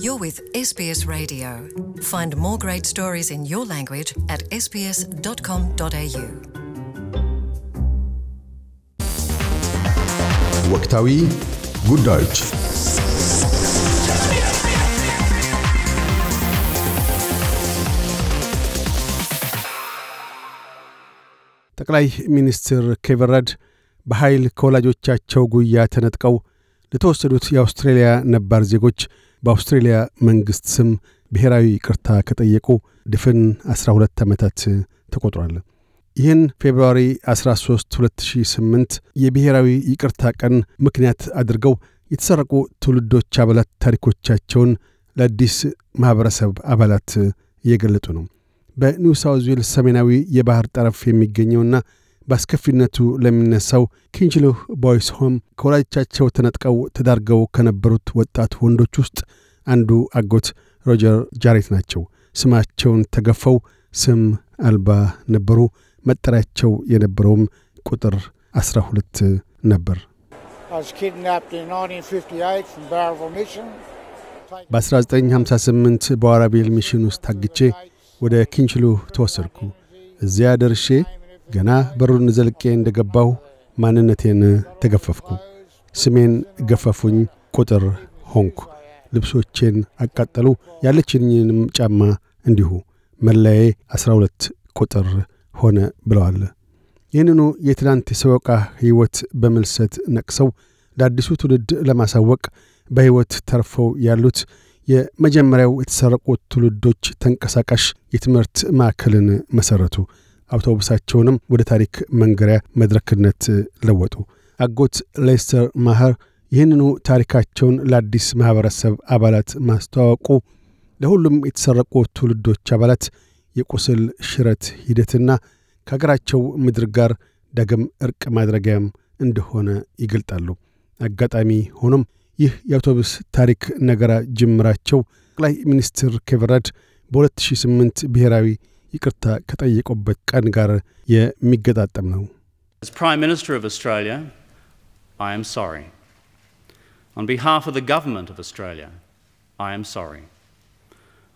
You're with SBS Radio. Find more great stories in your language at sbs.com.au. ወቅታዊ ጉዳዮች ጠቅላይ ሚኒስትር ኬቨን ረድ በኃይል ከወላጆቻቸው ጉያ ተነጥቀው ለተወሰዱት የአውስትሬልያ ነባር ዜጎች በአውስትሬልያ መንግሥት ስም ብሔራዊ ይቅርታ ከጠየቁ ድፍን 12 ዓመታት ተቆጥሯል። ይህን ፌብርዋሪ 13 2008 የብሔራዊ ይቅርታ ቀን ምክንያት አድርገው የተሰረቁ ትውልዶች አባላት ታሪኮቻቸውን ለአዲስ ማኅበረሰብ አባላት እየገለጡ ነው። በኒው ሳውዝ ዌልስ ሰሜናዊ የባሕር ጠረፍ የሚገኘውና በአስከፊነቱ ለሚነሳው ኪንችሉህ ቦይስ ሆም ከወላጆቻቸው ተነጥቀው ተዳርገው ከነበሩት ወጣት ወንዶች ውስጥ አንዱ አጎት ሮጀር ጃሬት ናቸው። ስማቸውን ተገፈው ስም አልባ ነበሩ። መጠሪያቸው የነበረውም ቁጥር 12 ነበር። በ1958 በዋራቤል ሚሽን ውስጥ ታግቼ ወደ ኪንችሉ ተወሰድኩ። እዚያ ደርሼ ገና በሩን ዘልቄ እንደ ገባሁ ማንነቴን ተገፈፍኩ። ስሜን ገፈፉኝ፣ ቁጥር ሆንኩ። ልብሶቼን አቃጠሉ፣ ያለችንኝንም ጫማ እንዲሁ። መለያዬ 12 ሁለት ቁጥር ሆነ ብለዋል። ይህንኑ የትናንት የሰቆቃ ሕይወት በምልሰት ነቅሰው ለአዲሱ ትውልድ ለማሳወቅ በሕይወት ተርፈው ያሉት የመጀመሪያው የተሰረቁት ትውልዶች ተንቀሳቃሽ የትምህርት ማዕከልን መሠረቱ። አውቶቡሳቸውንም ወደ ታሪክ መንገሪያ መድረክነት ለወጡ። አጎት ሌስተር ማህር ይህንኑ ታሪካቸውን ለአዲስ ማኅበረሰብ አባላት ማስተዋወቁ ለሁሉም የተሰረቁ ትውልዶች አባላት የቁስል ሽረት ሂደትና ከሀገራቸው ምድር ጋር ዳግም እርቅ ማድረጊያም እንደሆነ ይገልጣሉ። አጋጣሚ ሆኖም ይህ የአውቶቡስ ታሪክ ነገራ ጅምራቸው ጠቅላይ ሚኒስትር ኬቨራድ በ2008 ብሔራዊ ይቅርታ ከጠየቁበት ቀን ጋር የሚገጣጠም ነው። ሚኒስትር ኦፍ አውስትራሊያ አም ሶሪ ኦን ቢሃፍ ኦፍ ዘ ገቨርንመንት ኦፍ አውስትራሊያ አይ አም ሶሪ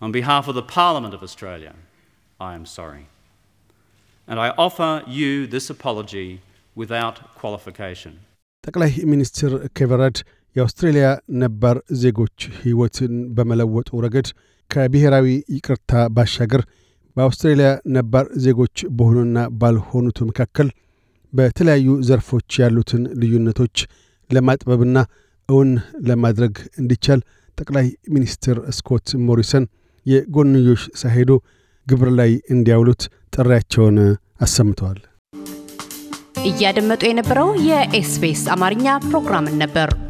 ኦን ቢሃፍ ኦፍ ዘ ፓርላመንት ኦፍ አውስትራሊያ and I offer you this apology without qualification. ጠቅላይ ሚኒስትር ኬቨረድ የአውስትሬልያ ነባር ዜጎች ሕይወትን በመለወጡ ረገድ ከብሔራዊ ይቅርታ ባሻገር በአውስትሬልያ ነባር ዜጎች በሆኑና ባልሆኑት መካከል በተለያዩ ዘርፎች ያሉትን ልዩነቶች ለማጥበብና እውን ለማድረግ እንዲቻል ጠቅላይ ሚኒስትር ስኮት ሞሪሰን የጎንዮሽ ሳይሄዱ ግብር ላይ እንዲያውሉት ጥሪያቸውን አሰምተዋል። እያደመጡ የነበረው የኤስፔስ አማርኛ ፕሮግራምን ነበር።